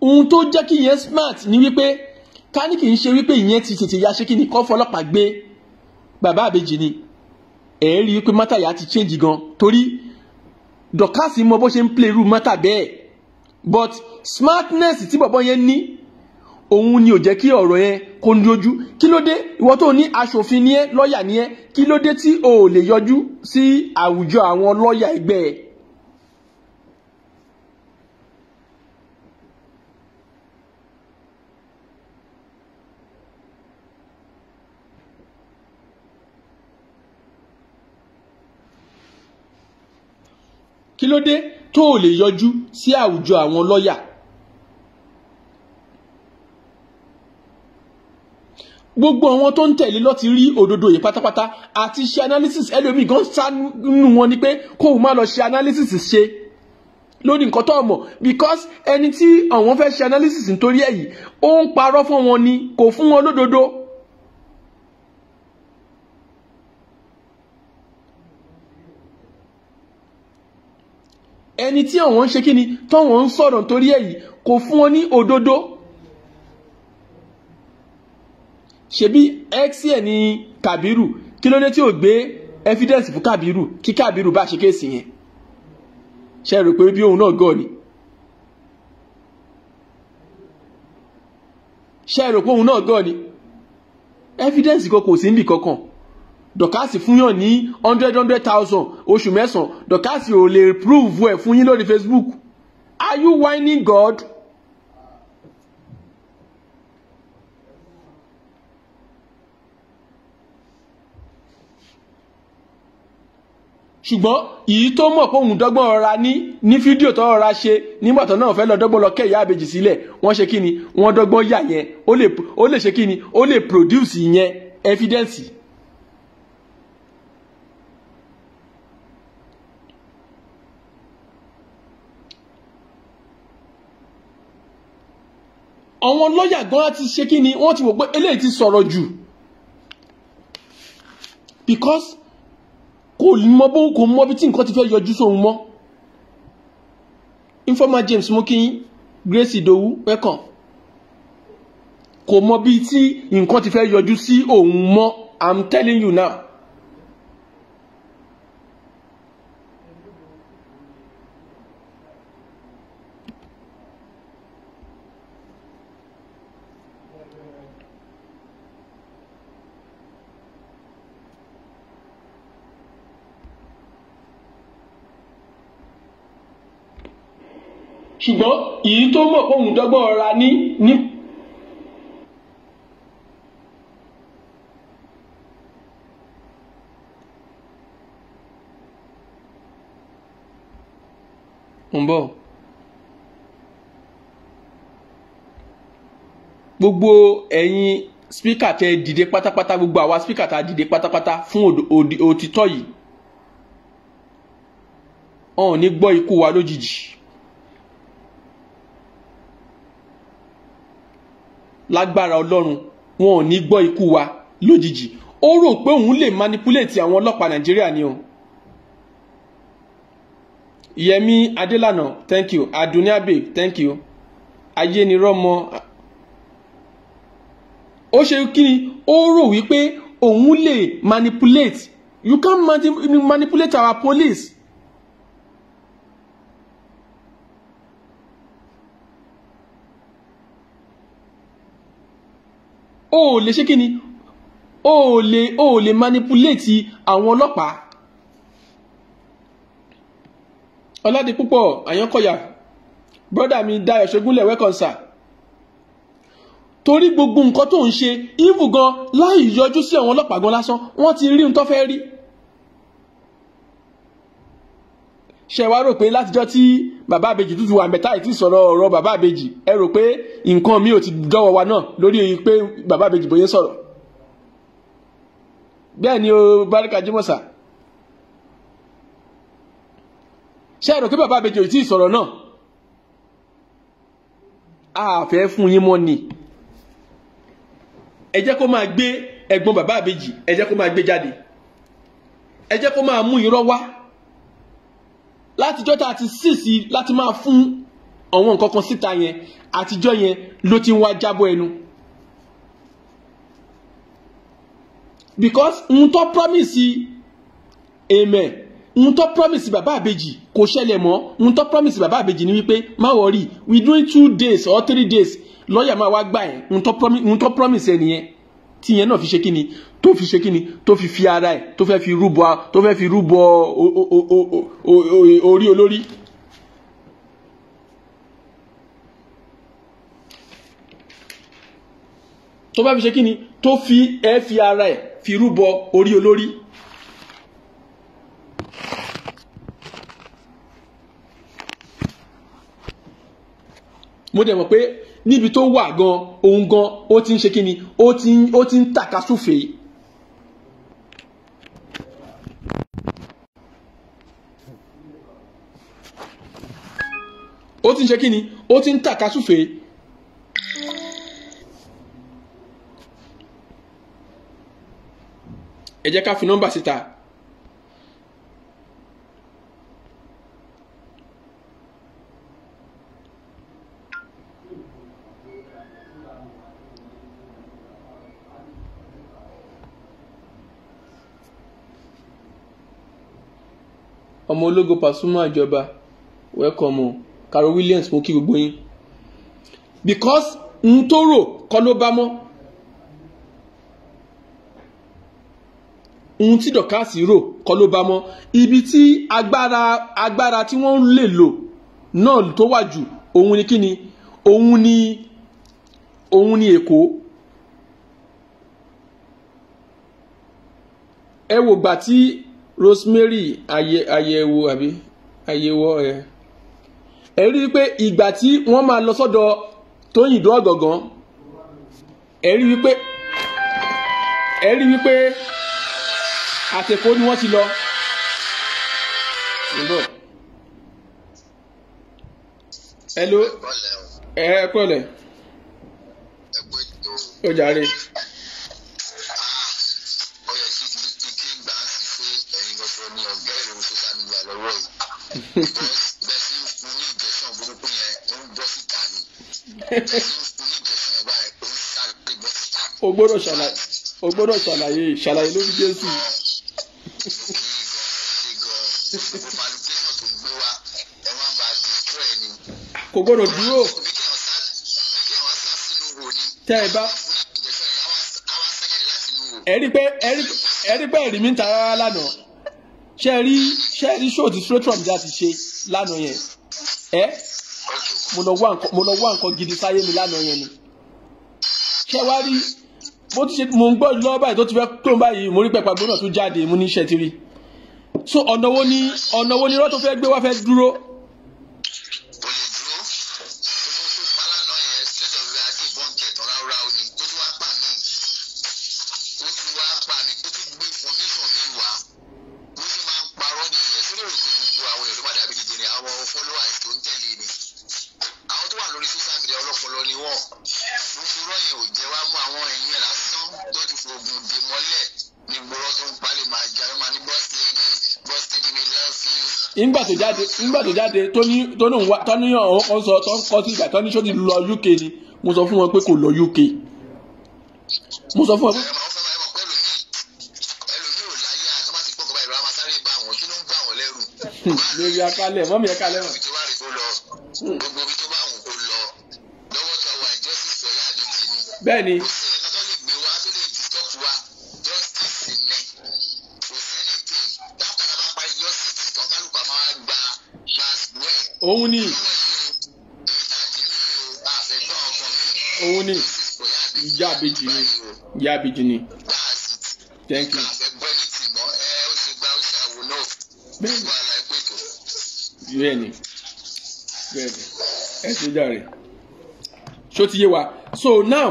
ohun tó jẹ́ kí ìyẹn smart ni wípé ká ní ṣe wípé ìyẹn ti tètè ya ṣe kí ni kọ́ fọlọ́pàá gbé bàbá àbèjì ni ẹ̀ rí wípé mátàyà ti change gan torí dọ̀kásì mọ bó ṣe ń play irú mátà bẹ́ẹ̀ but smartness tí bọ̀bọ̀ yẹn ní òun ni ò jẹ́ kí ọ̀rọ̀ yẹn kó ní lójú kí ló dé ìwọ tó ní aṣòfin ni ẹ lọ́ọ̀yà ni ẹ kí ló dé tí o ò lè yọjú sí àwùjọ àwọn lọ́ọ̀yà ẹgbẹ́ ẹ ló dé tó o lè yọjú sí àwùjọ àwọn lọ́yà. gbogbo àwọn tó ń tẹ̀lé lọ́ti rí òdodo yìí pátápátá àti ṣe analysis ẹlòmíì gan sánú wọn ni pé kó o má lọ ṣe analysis ṣe lórí nǹkan tó mọ̀ because ẹni tí àwọn fẹ́ ṣe analysis nítorí èyí ó ń parọ́ fún wọn ni kò fún wọn lódodo. ẹni tí àwọn ń ṣe kí ni tọ́wọ́n ń sọ̀rọ̀ torí ẹ̀ yìí kò fún wọn ní òdodo ṣebí xn ni Kàbírù kí ló dé tí ò gbé evidence fún Kàbírù kí Kàbírù bá ṣe kéèsì yẹn ṣe rò pé bí òun náà gọ̀ ni ṣe rò pé òun náà gọ̀ ni evidence kan kò sí níbì kankan dọ̀kásì fún yàn ní hundred hundred thousand oṣù mẹ́sàn-án dọ̀kásì ò lè prove ẹ̀ fún yín lórí Facebook are you whining God? ṣùgbọ́n èyí tó mọ̀ pé òun dọ́gbọ́n ọ̀ra ní ní fídíò tó ọ̀ra ṣe nígbà tó náà fẹ́ lọ dọ́gbọ́n lọ kẹ́ ìyá àbèjì sílẹ̀ wọ́n ṣe kí ni wọ́n dọ́gbọ́n yà yẹn ó lè ṣe kí ni ó lè produce yẹn evidence. àwọn lọ́yà gan ti ṣe kí ni wọ́n ti wò pé eléyìí ti sọ̀rọ̀ jù because kò mọ bó kò mọ bí tí nǹkan ti fẹ́ yọjú sóhun mọ́ informa James mú kí Grace Idowu welcome kò mọ bí tí nǹkan ti fẹ́ yọjú sí òun mọ́ I'm telling you now ṣùgbọ́n èyí tó mọ̀ pé òun dọ́gbọ́n ra ní ní. ń bọ̀ gbogbo ẹ̀yin spíkà tẹ dìde pátápátá gbogbo àwa spíkà tá a dìde pátápátá fún òtítọ́ yìí ọ̀n ní gbọ́ ikú wa lójijì. lágbára ọlọ́run wọn ò ní gbọ́ ikú wa lójijì ó rò pé òun lè manipulate àwọn ọlọ́pàá nàìjíríà ni o. yẹmi adélànà thank you adúní abe thank you ayénirọ́mọ ó ṣe kí ni ó rò wípé òun lè manipulate you can manipulate our police o le lè ṣe kí ni o ò lè o ò lè manipulate àwọn ọlọ́pàá ọládì púpọ̀ àyánkọ̀yà brọ́dà mi Dayọ̀ Ṣógúnlẹ̀ welcome sir torí gbogbo nǹkan tó ń ṣe even gan láì yọjú sí àwọn ọlọ́pàá gan lásán wọ́n ti rí ohun tó fẹ́ rí. ṣe wá rò pé látijọ́ tí bàbá àbèjì tútù wà mẹ́ta ìtì sọ̀rọ̀ ọ̀rọ̀ bàbá àbèjì ẹ rò pé nǹkan mi ò ti dọ́wọ́ wa náà lórí pé bàbá àbèjì bóyá sọ̀rọ̀ bẹ́ẹ̀ ni o Barika Jimosa ṣe rò pé bàbá àbèjì ò tí ì sọ̀rọ̀ náà a fẹ́ fún yín mọ́ ni ẹ jẹ́ kó máa gbé ẹ̀gbọ́n bàbá àbèjì ẹ jẹ́ kó máa gbé jáde ẹ jẹ́ kó máa mú irọ́ wá látijọ́ tá a ti sísì láti máa fún àwọn nǹkan kan síta yẹn àtijọ́ yẹn ló ti ń wá jábọ́ ẹnu. because ń tó promise amen ń tó promise bàbá àbèjì kò ṣẹlẹ̀ mọ́ ń tó promise bàbá àbèjì ni wípé má wọrí within two days or three days lọ́ọ̀yà máa wá gbà ẹ̀ ń tó promise ẹ̀ nìyẹn tíyẹn náà fi ṣe kí ni tó fi ṣe kí ni tó fi fi ara ẹ̀ tó fẹ́ fi rúbọ tó fẹ́ fi rúbọ orí olórí. tó fẹ́ fi ṣe kí ni tó fi ẹ fi ara ẹ̀ fi rúbọ orí olórí. mo dẹ̀ mọ̀ pé níbi tó wà gan òun gan ó ti ń ṣe kí ni ó ti ń tàkasúfèé ó ti ń ṣe kí ni ó ti ń tàkasúfè ẹ jẹ́ ká fi nọ́mbà síta ọmọ ológo Pasuma welcome. wẹ́kọ̀mù. Carol Williams mo kí gbogbo yín because n tó rò kọ́ ló bá mọ́ ohun tí dọ̀kásì rò kọ́ ló bá mọ́ ibi tí agbára agbára tí wọ́n lè lò náà tó wà jù òun ni kíni òun ni òun ni èkó ẹ wò gbà tí Rosemary àyẹ̀wò àbí àyẹ̀wò ẹ̀. Eh ẹ rí i pé ìgbà tí wọ́n máa lọ sọ́dọ̀ Tóyìn Ìdó Ọ̀gángán ẹ rí i pé ẹ ni wọ́n ti lọ. Hello ẹ ẹ pẹ̀lẹ́ ó jàre. Because (laughs) o gbọ́dọ̀ ṣàlàyé o gbọ́dọ̀ ṣàlàyé ṣàlàyé lórí Jésù. kò gbọ́dọ̀ dúró tẹ́ ẹ bá ẹ̀rí pé ẹ̀rí pé ẹ̀rí mi ta rárá lánàá ṣe rí ṣe rí ṣóòtì straight from that ṣe lánàá yẹn ẹ́. Eh? mo lọ wá nǹkan gidi sáyé mi lánàá yẹn ni ṣé wá rí bó ti ṣe mo ń gbọ́ lọ́wọ́ báyìí tó ti fẹ́ tó ń báyìí mo rí pẹ̀pà gbóná tó jáde mo ní ṣẹ́tìrì so ọ̀nà wo ni ọ̀nà wo ni irọ́ tó fẹ́ gbé wá fẹ́ dúró jáde nígbà tó jáde tó ní tó ní òun tó ní àwọn kan sọ tó ń kọ sí ìgbà tó ní ṣó ti lọ UK ni mo sọ fún wọn pé kò lọ UK mo sọ fún wọn pé. lórí akálẹ̀ mọ́mí ẹ̀ka lẹ́wọ̀n. bẹ́ẹ̀ ni. òun ni òun ni ìjà àbejì ni ìjà àbejì ni thank you. bẹ́ẹ̀ni bẹ́ẹ̀ni bẹ́ẹ̀ni ẹ ṣe jàre ṣó ti yé wa so now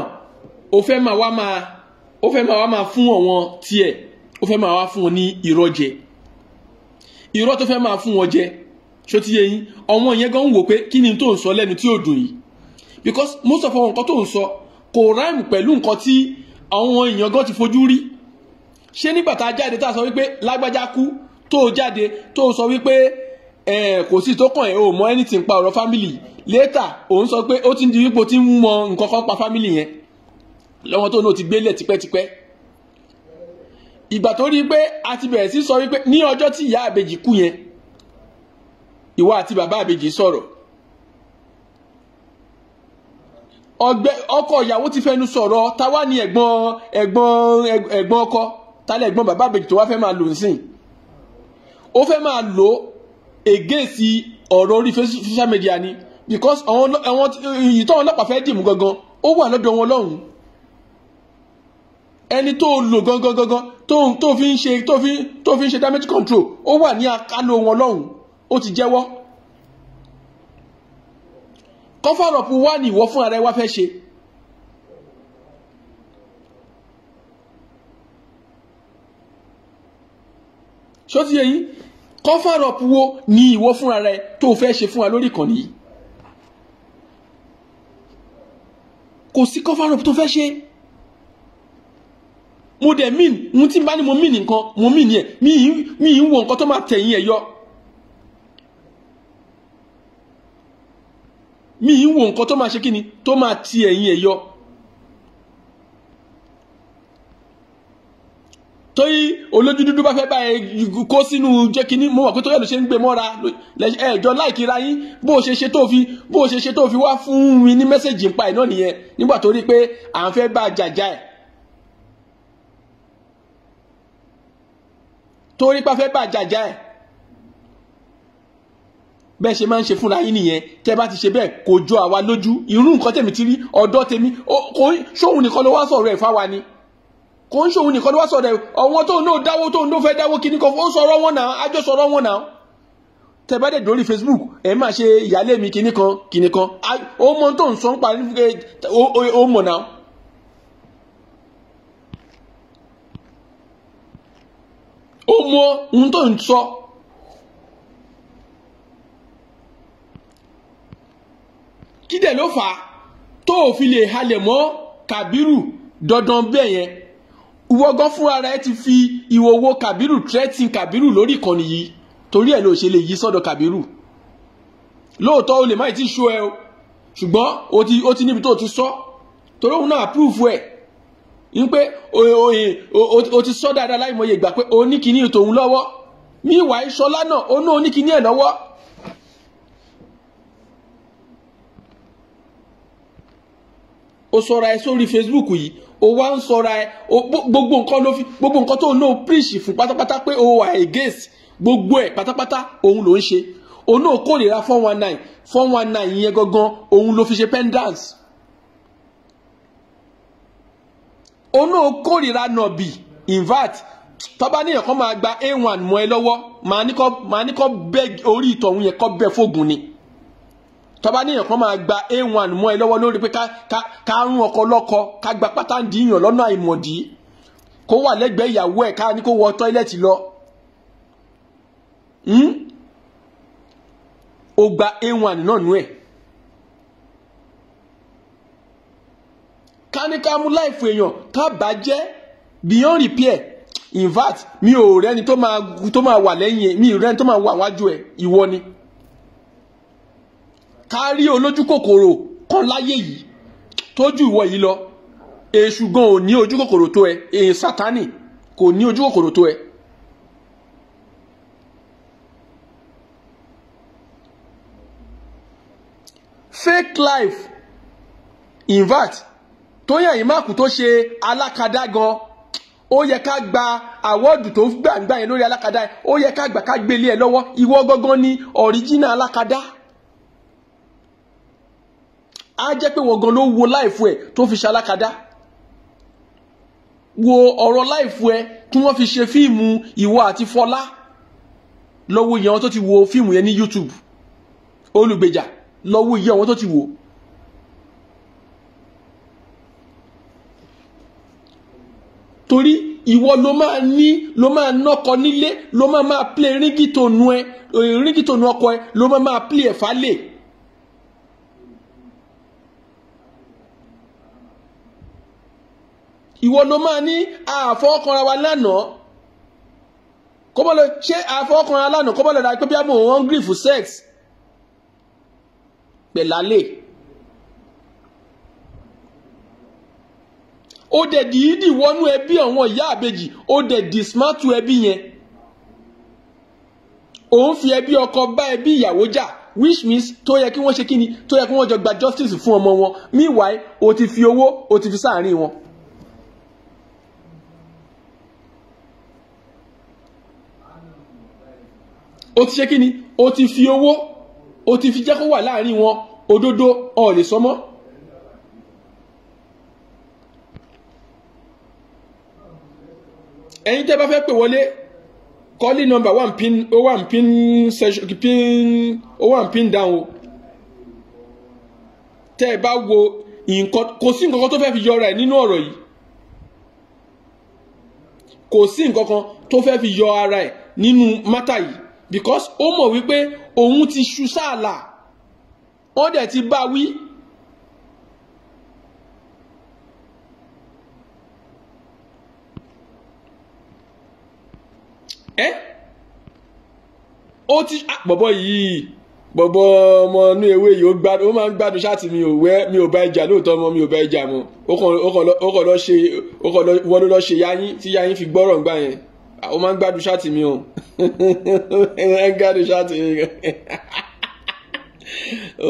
ó fẹ́ máa wá máa ó fẹ́ ma wá máa fún àwọn tiẹ̀ ó fẹ́ máa wá fún wọn ní irọ́ jẹ irọ́ tó fẹ́ máa fún wọn jẹ ṣó yín ọ̀wọ́n yẹn gan wò pé kí ni tó ń sọ lẹ́nu tí ò dùn yìí because most of àwọn nǹkan tó ń sọ kò ráìmù pẹ̀lú nǹkan tí àwọn èèyàn gan ti fojú rí ṣé nígbà tá a jáde tá a sọ wípé lágbájá kú tó o jáde tó o sọ wípé kò sí tó kàn ẹ́ o mọ anything pa ọ̀rọ̀ family later òun sọ pé ó ti ń di wípé o ti ń mọ nǹkan kan pa family yẹn lọ́wọ́ tó náà ti gbélé tipẹ́tipẹ́ ìgbà tó rí i pé a ti bẹ̀rẹ̀ sí sọ wípé ní ọjọ́ tí ìyá àbèjì kú yẹn ìwọ àti bàbá àbèjì sọ̀rọ̀ ọgbẹ ọkọ ìyàwó ti fẹnu sọ̀rọ̀ ta wá ní ẹ̀gbọ́n ẹ̀gbọ́n ẹ̀gbọ́n ọkọ tálẹ̀ ẹ̀gbọ́n bàbá àbèjì tó wá fẹ́ máa lò nísìn ó fẹ́ máa lò ègéèsì ọ̀rọ̀ orí social media ni because àwọn ìyí tó àwọn ọlọ́pàá fẹ́ dìmú gangan ó wà lọ́dọ̀ wọn lọ́hùn ẹni tó lò gangan gangan tó fi ń ṣe tó fi ń ṣe damage control ó wà ní àkálò wọn lọ́hùn ó ti jẹ́wọ́ kọ́fàrọ̀pù wà ní ìwọ fún ara ẹ wá fẹ́ ṣe ṣó ti yẹ wo ní ìwọ fún ara ẹ tó fẹ́ ṣe fún wa lórí ìkànnì yìí kò sí kọ́fàrọ̀pù tó fẹ́ ṣe mo dẹ̀ mean mo ti bá ní mo mean nǹkan mo mean yẹn mi ì ń wo nǹkan tó máa tẹ̀yìn ẹ̀ yọ. mi ì wo nǹkan tó máa ṣe kí ni tó máa ti ẹ̀yìn ẹ̀ yọ. torí olójú dúdú bá fẹ́ bá ẹ kó sínú jẹ́ kínní mo mọ̀ pé tó yẹ ló ṣe ń gbé mọ́ra ẹ̀jọ́ láìkí ra yín bó o ṣe ṣe tó fi bó o ṣe ṣe tó fi wá fún mi ní mẹ́sẹ̀jì ń pa ẹ̀ náà nìyẹn nígbà tó rí pé à ń fẹ́ bá a jàjà ẹ̀. torí pé fẹ́ bá a jàjà ẹ̀ bẹ́ẹ̀ ṣe máa ń ṣe fúnra yín nìyẹn tẹ́ bá ti ṣe bẹ́ẹ̀ kò jọ àwa lójú irú nǹkan tèmi ti rí ọ̀dọ́ tèmi kò ṣóhun nìkan ló wá sọ̀rọ̀ ẹ̀ fáwa ni kò ń ṣòwò nìkan ló wá sọ̀rọ̀ ẹ̀ ọ̀wọ́n tóun náà dáwó tóun náà fẹ́ dáwó kíní kan ó sọ̀rọ̀ wọn náà ájọ sọ̀rọ̀ wọn náà tẹ́ bá dẹ̀ dórí Facebook ẹ̀ máa ṣe ìyálé mi kíní kan kíní kan ó mọ tóun sọ kí dẹ̀ ló fà á tó o fi lè halẹ̀ mọ́ Kàbírù dandan bẹ́ẹ̀ yẹn ìwọ́gán fúnra rẹ̀ ti fi ìwòwò Kàbírù tírẹ́tì Kàbírù lórí ìkànnì yìí torí ẹ̀ ló ṣe lè yí sọ́dọ̀ Kàbírù lóòótọ́ o lè má ti ṣó ẹ o ṣùgbọ́n o ti níbi tó o ti sọ torí òun náà àpúrúfù ẹ̀ ń pé e, o ti sọ dáadáa láìmọye ìgbà pé o ní kíní tòun lọ́wọ́ míwàá ìṣọlá náà o náà ní kíní ẹ̀ lọ́wọ́ o sọra ẹ sórí Facebook yìí o wá ń sọra ẹ gbogbo nǹkan ló fi gbogbo nǹkan tó ń lò preach fún pátápátá pé o wà against gbogbo ẹ pátápátá òun ló ń ṣe òun náà kórìíra four one nine four one nine yẹn gangan òun ló fi ṣe pendants òun náà kórìíra nọ̀bì invert tọ́ba níyàn kan máa gba a one mọ́ ẹ lọ́wọ́ màá ní kọ́ bẹ́ orí ìtọ̀hún yẹn kọ́ bẹ́ fógun ni tọba níyàn kan máa gba a1 mọ́ ẹ lọ́wọ́ lórí pé ká rún ọkọ lọ́kọ ká gba pátá ń dìyàn lọ́nà àìmọ̀dí kó wà lẹ́gbẹ̀ẹ́ ìyàwó ẹ̀ ká ní kó wọ tọ́ílẹ̀tì lọ. Hmm? ó gba a1 náà nú ẹ̀. ká ní ká mú láìfò èèyàn ká bàjẹ́ beyond repair in fact mi ò rẹ́ni tó máa wà lẹ́yìn mi ò rẹ́ni tó máa wà wájú ẹ̀ ìwọ ni ká rí olójú kòkòrò kan láyé yìí tójú ìwọ yìí lọ èṣù gan ò ní ojú kòkòrò tó ẹ èyàn sátánì kò ní ojú kòkòrò tó ẹ. fake life invert tóyìn àyìnmáàkù tó ṣe alákadá gan ó yẹ ká gba àwọ́dù tó gbàǹgbà yẹn lórí alákadá yẹn ó yẹ ká gbà ká gbélé ẹ lọ́wọ́ ìwọ gangan ni ọ̀ríjínà alákadá á jẹ́ pé wọ́n gan ló wo láìfù ẹ̀ tó fi ṣalákadá wo ọ̀rọ̀ láìfù ẹ̀ tí wọ́n fi ṣe fíìmù ìwọ àti fọlá lọ́wọ́ iye àwọn tó ti wo fíìmù yẹn ní YouTube olùgbèjà lọ́wọ́ iye àwọn tó ti wo. torí ìwọ ló máa ní ló máa nọkọ nílé ló máa máa play ríngìtònú ẹ ríngìtònú ọkọ ẹ ló máa máa play ẹ̀fà lè. ìwọ ló máa ní àfọwọ́kanra wa lánàá kọ́bọ̀lọ́ ṣé àfọwọ́kanra lánàá kọ́bọ̀lọ́ dá pé bí àmọ́ òun hungry for sex pẹ̀lálẹ̀ ó dẹ̀ dìídì wọnú ẹbí àwọn ìyá àbejì ó dẹ̀ dì smartu ẹbí yẹn òun fi ẹbí ọkọ bá ẹbí ìyàwó jà which means tó yẹ kí wọ́n ṣe kí ni tó yẹ kí wọ́n jọ gba justice fún ọmọ wọn meanwhile o ti fi owó o ti fi sáàárín wọn. ó ti ṣe kí ni ó ti fi owó ó ti fi jẹ́ kó wà láàrin wọn òdodo ò lè sọ tẹ́ bá fẹ́ pè wọlé kọ́lí nọmba one pin one, pin session pin one, pin down o tẹ́ ẹ bá wo nǹkan kò sí nǹkan kan tó fẹ́ fi yọra ẹ̀ nínú ọ̀rọ̀ yìí kò sí nǹkan kan tó fẹ́ fi yọ ara ẹ̀ nínú mátà yìí because ó mọ̀ wípé òun ti ṣu sáàlà wọ́n dẹ̀ ti bá wí. ẹ ó ti ah, bọ̀bọ̀ yìí bọ̀bọ̀ ọmọ inú ewé yìí ó gbádùn ó máa ń gbádùn ṣáàtì mi ò wẹ́ mi ò bá ìjà lóòótọ́ ọmọ mi ò bá ìjà mọ́ ó kàn lọ ṣe ó kàn lọ wọ́n ló lọ ṣe yáyín tí yáyín fi gbọ́rọ̀ ń gbà yẹn ah, ó máa ń gbádùn ṣáàtì mi o wọ́n (laughs) ń gbádùn ṣáàtì yìí gan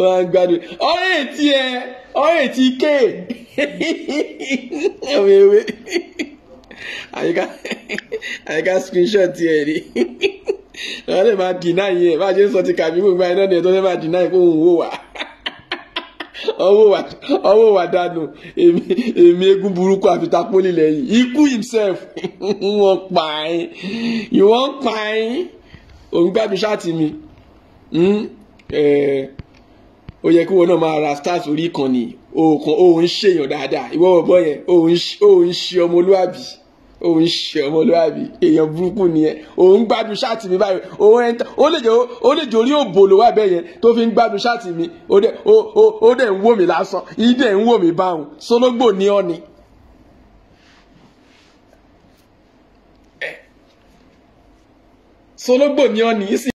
wọ́n ń gbádùn ọ̀rẹ́ ètí ẹ ọ̀rẹ́ ètí ké ẹ̀wẹ̀ àyíká àyíká screenshot ẹ̀ rí wọ́n lè máa dìnnà yìí ẹ̀ bá a ṣe ń sọ ti kàbí gbogbo àyínà ni ẹ̀ tó lè máa dìnnà yìí kó òun wò wá ọwọ́ wà dànù èmi eégún burúkú àfitapólì lẹ́yìn ikú himself (laughs) wọ́n pa ẹ́ ìwọ́n pa ẹ́ òun gbádùn ṣáàtì mi hmm? ó yẹ kí wọn náà máa ra stars orí ìkànnì òòkan òun ń ṣèyàn dáadáa ìwọ́n bọ̀ yẹn òun ń ṣe ọmọlúwàbí òun ṣe ọmọlúwàbí èèyàn burúkú nìyẹn òun gbádùn ṣáàtì mi báyìí òun ẹ̀ńtà ó lè jẹ òbò ló bẹ́ẹ̀ yẹn tó fi ń gbádùn ṣáàtì mi ó dẹ̀ ń wò mí lásán yìí dẹ̀ ń wò mí báwọn sólógbò ní ọ̀nì. sólógbò ní ọ̀nì yìí sì.